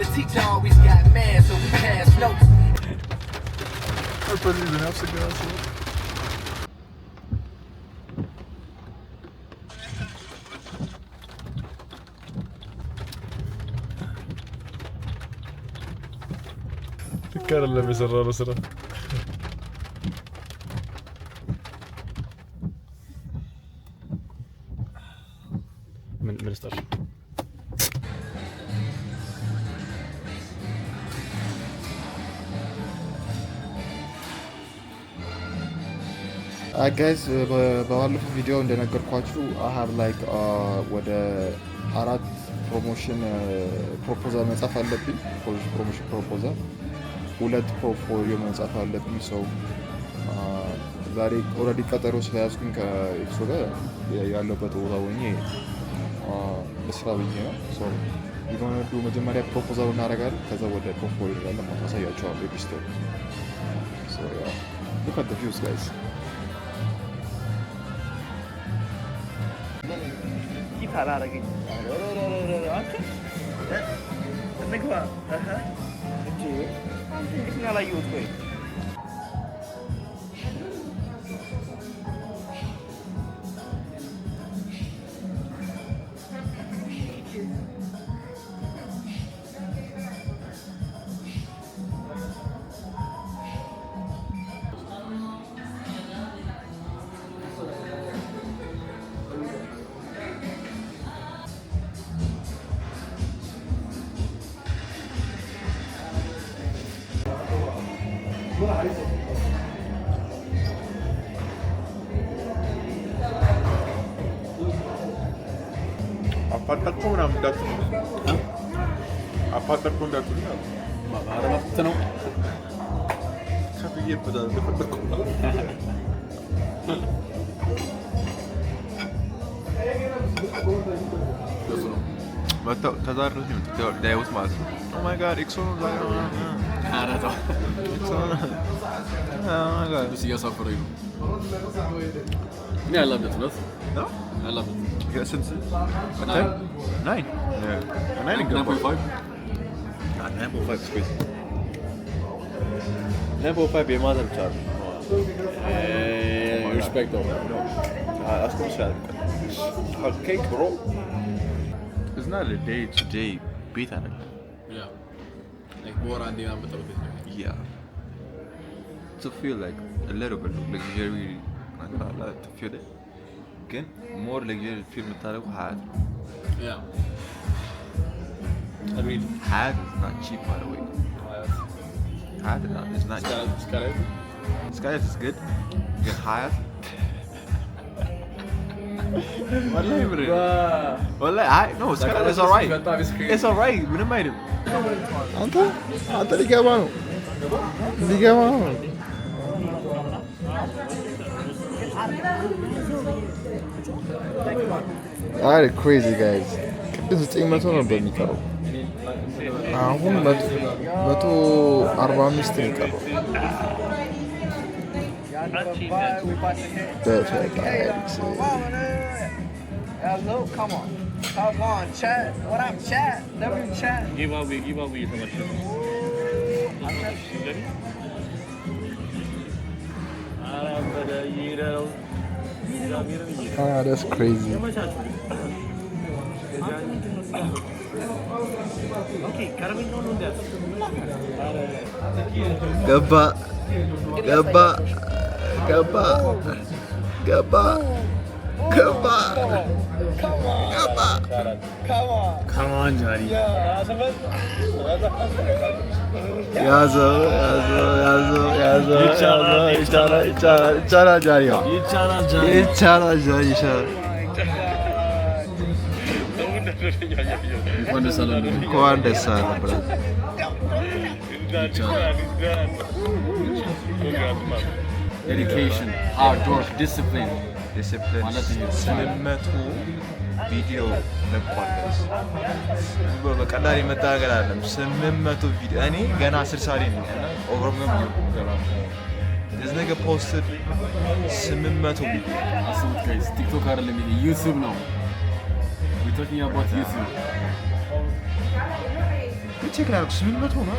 The teacher always got mad, so we passed notes. Her even hapsi kalsın. Kar elleme sen ara sıra. Men, men det ጋይስ uh, uh, በባለፈው ቪዲዮ እንደነገርኳችሁ አሀብ ላይ uh, ወደ አራት ፕሮሞሽን ፕሮፖዛል መጻፍ አለብኝ። ፕሮሞሽን ፕሮፖዛል ሁለት ፖርትፎሊዮ መጻፍ አለብኝ። ሰው ዛሬ ኦልሬዲ ቀጠሮ ስለያዝኩኝ ከኤክሶ ጋር ያለበት ቦታ ሆኜ ስራ ብዬ ነው የሆነዱ መጀመሪያ ፕሮፖዛሉ እናደርጋለን። ከዛ ወደ ፖርትፎሊዮ ያለ ማሳያቸዋል ኤፒስቶል ሉክ አት ቪውስ ጋይስ Tararagi. Okay. Think about. Uh huh. It's not like you would wait. ነው። እኔ አላበት እውነት አላበት You got a Simpsons? A No. ten? Nine? Yeah. A nine and good. point. 9.5. Nah, nine point five is crazy. Nine point five BMR them charge. Eh, respect though. Ah, that's not fair. cake, bro. It's not a day to day Beat at it. Yeah. Like more on the number of things. Yeah. To feel like a little bit luxury, like a lot to feel it. ممكن more like غير الفيلم بتاعك وحاجة yeah I mean حاجة is not cheap by the way حاجة is not, it's not cheap Skydive Skydive is good good حاجة والله يبرد والله عادي نو سكاي از اورايت اتس اورايت من مايدم انت انت اللي جاي معاهم اللي جاي معاهم አይ ክሬዚ ጋይዝ ቅድም ዘጠኝ መቶ ነበር የሚቀረው አሁን መቶ አርባ አምስት ነው Ah, that's crazy. Gaba. Gaba. Gaba. Gaba. Come on. Come on. Come on. Come on. Come on Johnny. Yazı, yazı, yazı, yazı, yazı, içara, içara, içara Johnny. İçara Johnny. İçara Johnny, içara. Quando sarà lui? Quando sarà, bravo. Education, hard work, discipline. ዲስፕሊን ስልመቱ ቪዲዮ መቋረጥ በቀላል የመጣ ነገር አለም። ስምንት መቶ ቪዲዮ እኔ ገና ስልሳ ፖስትድ ስምንት መቶ ቪዲዮ ቲክቶክ አይደለም ዩቲዩብ ነው። ስምንት መቶ ነው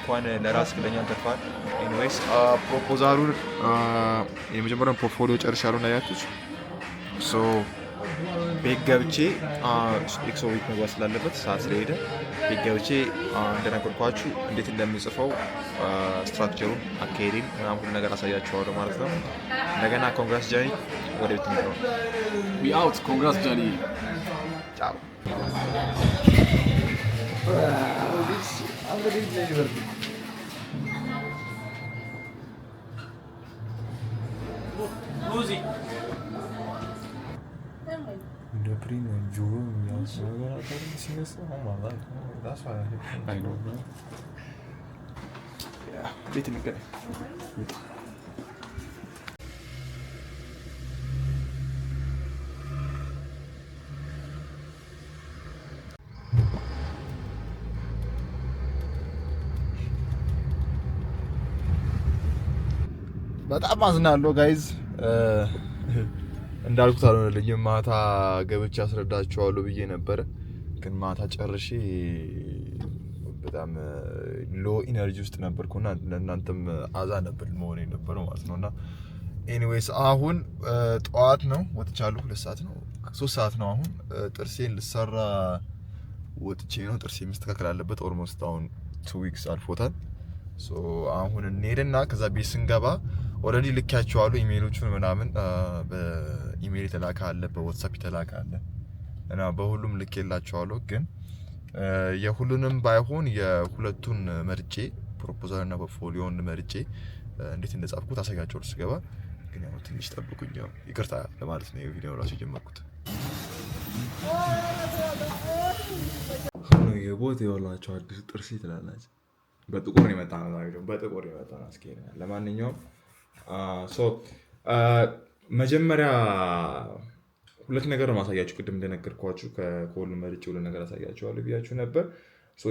እንኳን ለራስ ክለኛ ተርፋል። ኤኒዌይስ uh, ፕሮፖዛሉን uh, የመጀመሪያውን ፖርትፎሊዮ ጨርሻለሁ እንዳያችሁት ሶ ቤት ገብቼ uh, ኤክሶ መግባት ስላለበት ሰዓት ስለሄደ ቤት ገብቼ እንደነገርኳችሁ እንዴት እንደምጽፈው ስትራክቸሩን፣ አካሄዴን ምናምን ሁሉ ነገር አሳያችኋለሁ ማለት ነው። እንደገና ኮንግራስ ጃኒ፣ ወደ ቤት ነው ዊአውት። ኮንግራስ ጃኒ ጫው ഇല്ലാത്ത രീതിയിലാണ് ഇവർക്ക് De prima, een joel my Jan Zogger had er misschien I Oh dat, dat is waar. Ik weet niet. በጣም አዝናለሁ ጋይዝ። እንዳልኩት አልሆነልኝም። ማታ ገብቼ አስረዳችኋለሁ ብዬ ነበረ፣ ግን ማታ ጨርሼ በጣም ሎ ኢነርጂ ውስጥ ነበርኩና ለእናንተም አዛ ነበር መሆን የነበረው ማለት ነው። እና ኤኒዌይስ አሁን ጠዋት ነው ወጥቻለሁ። ሁለት ሰዓት ነው ሶስት ሰዓት ነው አሁን። ጥርሴን ልሰራ ወጥቼ ነው። ጥርሴ መስተካከል አለበት። ኦልሞስት አሁን ቱ ዊክስ አልፎታል። አሁን እንሄድና ከዛ ቤት ስንገባ ኦልሬዲ ልኪያቸዋሉ ኢሜሎቹን ምናምን በኢሜል የተላከ አለ፣ በዋትሳፕ የተላከ አለ እና በሁሉም ልኬላቸዋለሁ። ግን የሁሉንም ባይሆን የሁለቱን መርጬ ፕሮፖዛል እና ፖርትፎሊዮን መርጬ እንዴት እንደጻፍኩት አሳያቸዋለሁ ስገባ። ግን ያው ትንሽ ጠብቁኝ፣ ያው ይቅርታ ለማለት ነው የቪዲዮ ራሱ የጀመርኩት። የቦት የወላቸው አዲስ ጥርሴ ትላላች። በጥቁር የመጣ ነው። በጥቁር የመጣ ነው። ለማንኛውም መጀመሪያ ሁለት ነገር ማሳያችሁ ቅድም እንደነገርኳችሁ ከኮል መርጭ ሁለት ነገር አሳያችኋለሁ ብያችሁ ነበር።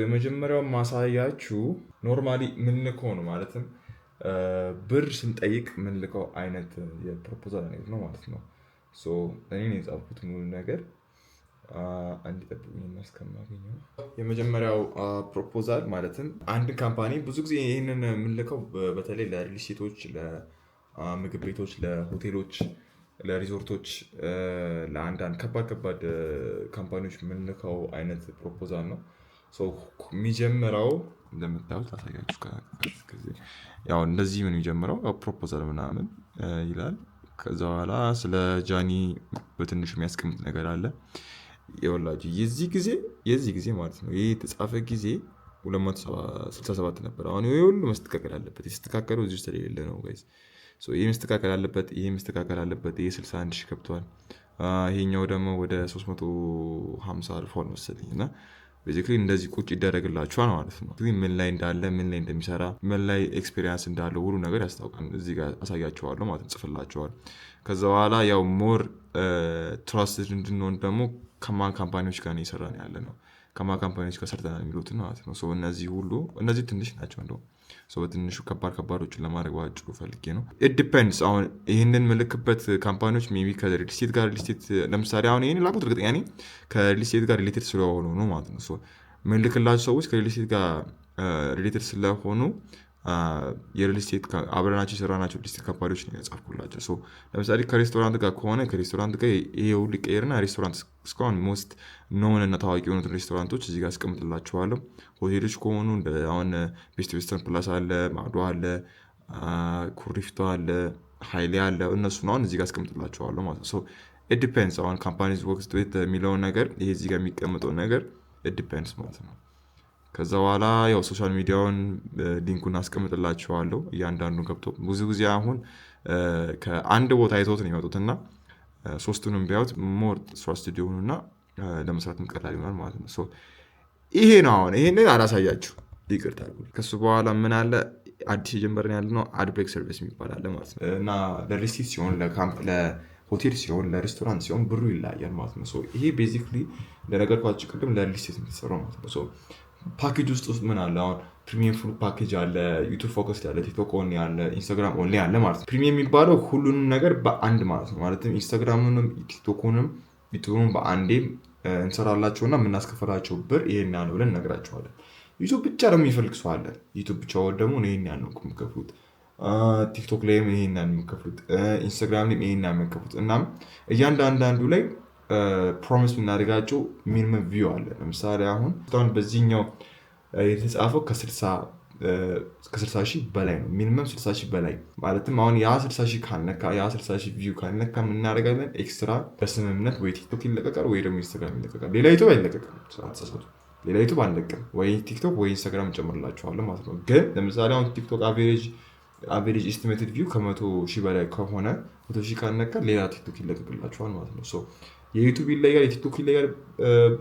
የመጀመሪያው ማሳያችሁ ኖርማሊ ምንልከው ነው ማለትም ብር ስንጠይቅ ምንልከው አይነት የፕሮፖዛል አይነት ነው ማለት ነው። እኔ የጻፍኩት ሙሉ ነገር እንዲጠብቁኝ የሚያስከማገኘው የመጀመሪያው ፕሮፖዛል ማለትም አንድ ካምፓኒ ብዙ ጊዜ ይህንን የምንልከው በተለይ ለሪል ስቴቶች ምግብ ቤቶች፣ ለሆቴሎች፣ ለሪዞርቶች፣ ለአንዳንድ ከባድ ከባድ ካምፓኒዎች የምንልከው አይነት ፕሮፖዛል ነው። የሚጀምረው እንደምታዩት ላሳያችሁ፣ ያው እንደዚህ ምን የሚጀምረው ፕሮፖዛል ምናምን ይላል። ከዛ በኋላ ስለ ጃኒ በትንሹ የሚያስቀምጥ ነገር አለ። የወላጅ የዚህ ጊዜ የዚህ ጊዜ ማለት ነው ይህ የተጻፈ ጊዜ 267 ነበር። አሁን ሁሉ መስተካከል አለበት። የስተካከለው እዚህ ስለሌለ ነው ጋይስ ይህ መስተካከል አለበት፣ ይህ መስተካከል አለበት። ይህ 61 ሺህ ገብተዋል። ይሄኛው ደግሞ ወደ 350 አልፏል መሰለኝ እና ቤዚክሊ እንደዚህ ቁጭ ይደረግላችኋል ማለት ነው። ምን ላይ እንዳለ ምን ላይ እንደሚሰራ ምን ላይ ኤክስፔሪንስ እንዳለው ሁሉ ነገር ያስታውቃል። እዚህ ጋር አሳያቸዋለሁ ማለት ነው፣ ጽፍላቸዋል። ከዛ በኋላ ያው ሞር ትራስትድ እንድንሆን ደግሞ ከማን ካምፓኒዎች ጋር እየሰራን ያለ ነው ከማን ካምፓኒዎች ጋር ሰርተናል የሚሉትን ማለት ነው። እነዚህ ሁሉ እነዚህ ትንሽ ናቸው እንደውም ሰው በትንሹ ከባድ ከባዶችን ለማድረግ ባጭሩ ፈልጌ ነው። ኢት ዲፔንድስ አሁን ይህንን ምልክበት ካምፓኒዎች ቢ ከሪልስቴት ጋር ሪልስቴት ለምሳሌ አሁን ይህን ላቁት እርግጠኛ እኔ ከሪልስቴት ጋር ሪሌትድ ስለሆኑ ነው ማለት ነው። ምልክላቸው ሰዎች ከሪልስቴት ጋር ሪሌትድ uh, ስለሆኑ የሪልስቴት አብረናቸው የሰራናቸው ሪልስቴት ካምፓኒዎች ነው ያጻፍኩላቸው። ለምሳሌ ከሬስቶራንት ጋር ከሆነ ከሬስቶራንት ጋር ይሄ ሁሉ ይቀየርና ሬስቶራንት እስካሁን ሞስት ኖን እና ታዋቂ የሆኑትን ሬስቶራንቶች እዚህ ጋር አስቀምጥላቸዋለሁ። ሆቴሎች ከሆኑ አሁን ቤስት ዌስተርን ፕላስ አለ፣ ማዶ አለ፣ ኩሪፍቶ አለ፣ ሀይሌ አለ። እነሱን አሁን እዚህ ጋር አስቀምጥላቸዋለሁ ማለት ነው። ኢት ዲፔንድስ አሁን ካምፓኒስ ወርክስ የሚለውን ነገር ይሄ እዚህ ጋር የሚቀመጠውን ነገር ኢት ዲፔንድስ ማለት ነው። ከዛ በኋላ ያው ሶሻል ሚዲያውን ሊንኩን አስቀምጥላችኋለሁ። እያንዳንዱ ገብቶ ብዙ ጊዜ አሁን ከአንድ ቦታ አይተውት ነው የሚመጡት እና ሶስቱንም ቢያዩት ሞር ትራስትድ የሆኑና ለመስራትም ቀላል ይሆናል ማለት ነው። ይሄ ነው አሁን ይሄንን አላሳያችሁ ይቅርታ። ከሱ በኋላ ምን አለ አዲስ የጀመርን ያለ ነው አድብሬክ ሰርቪስ የሚባል አለ ማለት ነው እና ለሪሲት ሲሆን ሆቴል ሲሆን ለሬስቶራንት ሲሆን ብሩ ይለያል ማለት ነው። ይሄ ቤዚክሊ እንደነገርኳችሁ ቅድም ለሪል ስቴት የሚሰራው ማለት ነው። ፓኬጅ ውስጥ ውስጥ ምን አለ አሁን ፕሪሚየም ፉል ፓኬጅ አለ፣ ዩቱብ ፎከስ ያለ፣ ቲክቶክ ኦን ያለ፣ ኢንስታግራም ኦን ያለ ማለት ነው። ፕሪሚየም የሚባለው ሁሉንም ነገር በአንድ ማለት ነው። ማለትም ኢንስታግራምንም ቲክቶኩንም፣ ዩቱብንም በአንዴም እንሰራላቸው የምናስከፈላቸው ብር ይሄን ያለ ብለን እነግራቸዋለን። ዩቱብ ብቻ ደግሞ የሚፈልግ ሰው አለ። ዩቱብ ብቻ ደግሞ ይሄን ያህል ነው የምከፍሉት፣ ቲክቶክ ላይም ይሄን ያህል የምከፍሉት፣ ኢንስታግራም ላይም ይሄን ያህል የምከፍሉት። እናም እያንዳንዳንዱ ላይ ፕሮሚስ የምናደርጋቸው ሚኒመም ቪው አለ። ለምሳሌ አሁን ሁን በዚህኛው የተጻፈው ከስልሳ ሺህ በላይ ነው። ሚኒመም ስልሳ ሺህ በላይ ማለትም አሁን ያ ስልሳ ሺህ ካልነካ ያ ስልሳ ሺህ ቪው ካልነካ የምናደርጋለን ኤክስትራ በስምምነት ወይ ቲክቶክ ይለቀቃል ወይ ደግሞ ኢንስታግራም ይለቀቃል። ሌላ ዩቱብ አይለቀቅም፣ አትሳሳቱ። ሌላ ዩቱብ አንለቅም፣ ወይ ቲክቶክ ወይ ኢንስታግራም እንጨምርላችኋለን ማለት ነው። ግን ለምሳሌ አሁን ቲክቶክ አቬሬጅ አቬሬጅ ኤስቲሜትድ ቪው ከመቶ ሺህ በላይ ከሆነ መቶ ሺህ ካልነካ ሌላ ቲክቶክ ይለቀቅላችኋል ማለት ነው። የዩቱብ ይለያል፣ የቲክቶክ ይለያል።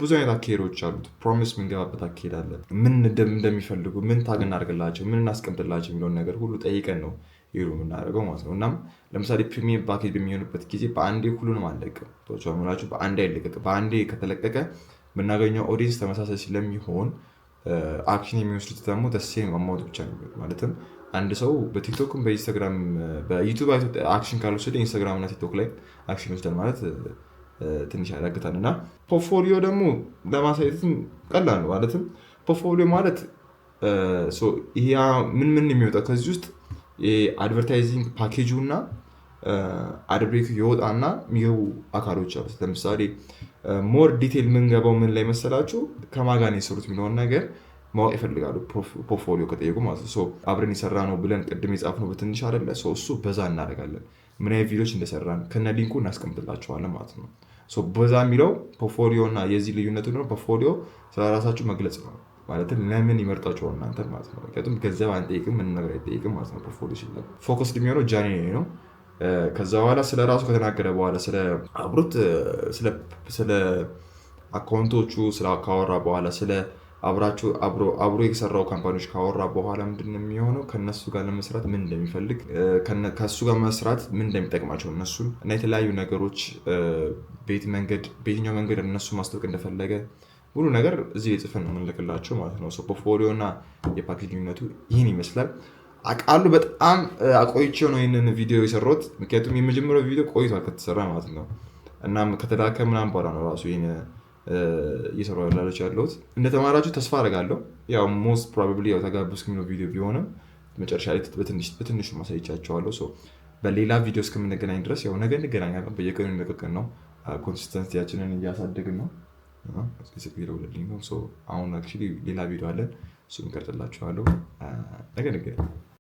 ብዙ አይነት አካሄዶች አሉት። ፕሮሚስ የምንገባበት አካሄድ አለ። ምን እንደሚፈልጉ ምን ታግ እናደርግላቸው፣ ምን እናስቀምጥላቸው የሚለውን ነገር ሁሉ ጠይቀን ነው ይሉ የምናደርገው ማለት ነው። እናም ለምሳሌ ፕሪሚየም ፓኬጅ በሚሆንበት ጊዜ በአንዴ ሁሉንም አለቅም ላችሁ፣ በአንዴ አይለቀቅም። በአንዴ ከተለቀቀ የምናገኘው ኦዲየንስ ተመሳሳይ ስለሚሆን አክሽን የሚወስዱት ደግሞ ተሴም አማውት ብቻ ነው። ማለትም አንድ ሰው በቲክቶክም በኢንስታግራም በዩቱብ አክሽን ካልወሰደ ኢንስታግራም እና ቲክቶክ ላይ አክሽን ይወስዳል ማለት ትንሽ ያዳግታል እና ፖርትፎሊዮ ደግሞ ለማሳየትም ቀላል ነው። ማለትም ፖርትፎሊዮ ማለት ያ ምን ምን የሚወጣው ከዚህ ውስጥ የአድቨርታይዚንግ ፓኬጁ እና አድብሬክ የወጣና የሚገቡ አካሎች አሉ። ለምሳሌ ሞር ዲቴል የምንገባው ምን ላይ መሰላችሁ ከማጋን የሰሩት የሚለውን ነገር ማወቅ ይፈልጋሉ። ፖርትፎሊዮ ከጠየቁ ማለት ነው። አብረን የሰራ ነው ብለን ቅድም የጻፍነው በትንሽ አደለ ሰው እሱ በዛ እናደርጋለን። ምን አይነት ቪዲዮች እንደሰራን ከነ ሊንኩ እናስቀምጥላቸዋለን ማለት ነው። በዛ የሚለው ፖርትፎሊዮ እና የዚህ ልዩነት ነው። ፖርትፎሊዮ ስለራሳችሁ መግለጽ ነው። ማለትም ለምን ይመርጣቸው እናንተ ማለት ነው። ምክንያቱም ገንዘብ አንጠይቅም፣ ምን ነገር አይጠይቅም ማለት ነው። ፖርትፎሊዮ ሲለ ፎከስ የሚሆነው ጃኒ ነው። ከዛ በኋላ ስለ ራሱ ከተናገረ በኋላ ስለ አብሮት ስለ አካውንቶቹ ስለ ካወራ በኋላ ስለ አብራችሁ አብሮ አብሮ የሰራው ካምፓኒዎች ካወራ በኋላ ምንድን ነው የሚሆነው? ከነሱ ጋር ለመስራት ምን እንደሚፈልግ ከሱ ጋር መስራት ምን እንደሚጠቅማቸው እነሱን እና የተለያዩ ነገሮች ቤት መንገድ በየትኛው መንገድ እነሱ ማስታወቅ እንደፈለገ ሁሉ ነገር እዚህ የጽፈን ነው የምንልክላቸው ማለት ነው። ፖርትፎሊዮ እና የፓኬጅ ልዩነቱ ይህን ይመስላል። አቃሉ በጣም አቆይቼው ነው ይህንን ቪዲዮ የሰራሁት፣ ምክንያቱም የመጀመሪያው ቪዲዮ ቆይቷል ከተሰራ ማለት ነው። እናም ከተላከ ምናምን በኋላ ነው ራሱ እየሰራ ላለች ያለሁት እንደተማራችሁ ተስፋ አደርጋለሁ። ያው ሞስት ፕሮባብሊ ያው ተጋብስ ከሚለው ቪዲዮ ቢሆንም መጨረሻ ላይ በትንሹ ማሳይቻቸዋለሁ። በሌላ ቪዲዮ እስከምንገናኝ ድረስ ያው ነገ እንገናኛለን። በየቀኑ የሚለቀቅን ነው። ኮንሲስተንሲያችንን እያሳደግን ነው። አሁን ሌላ ቪዲዮ አለን፣ እሱ እንቀርጥላችኋለሁ። ነገ እንገናኝ።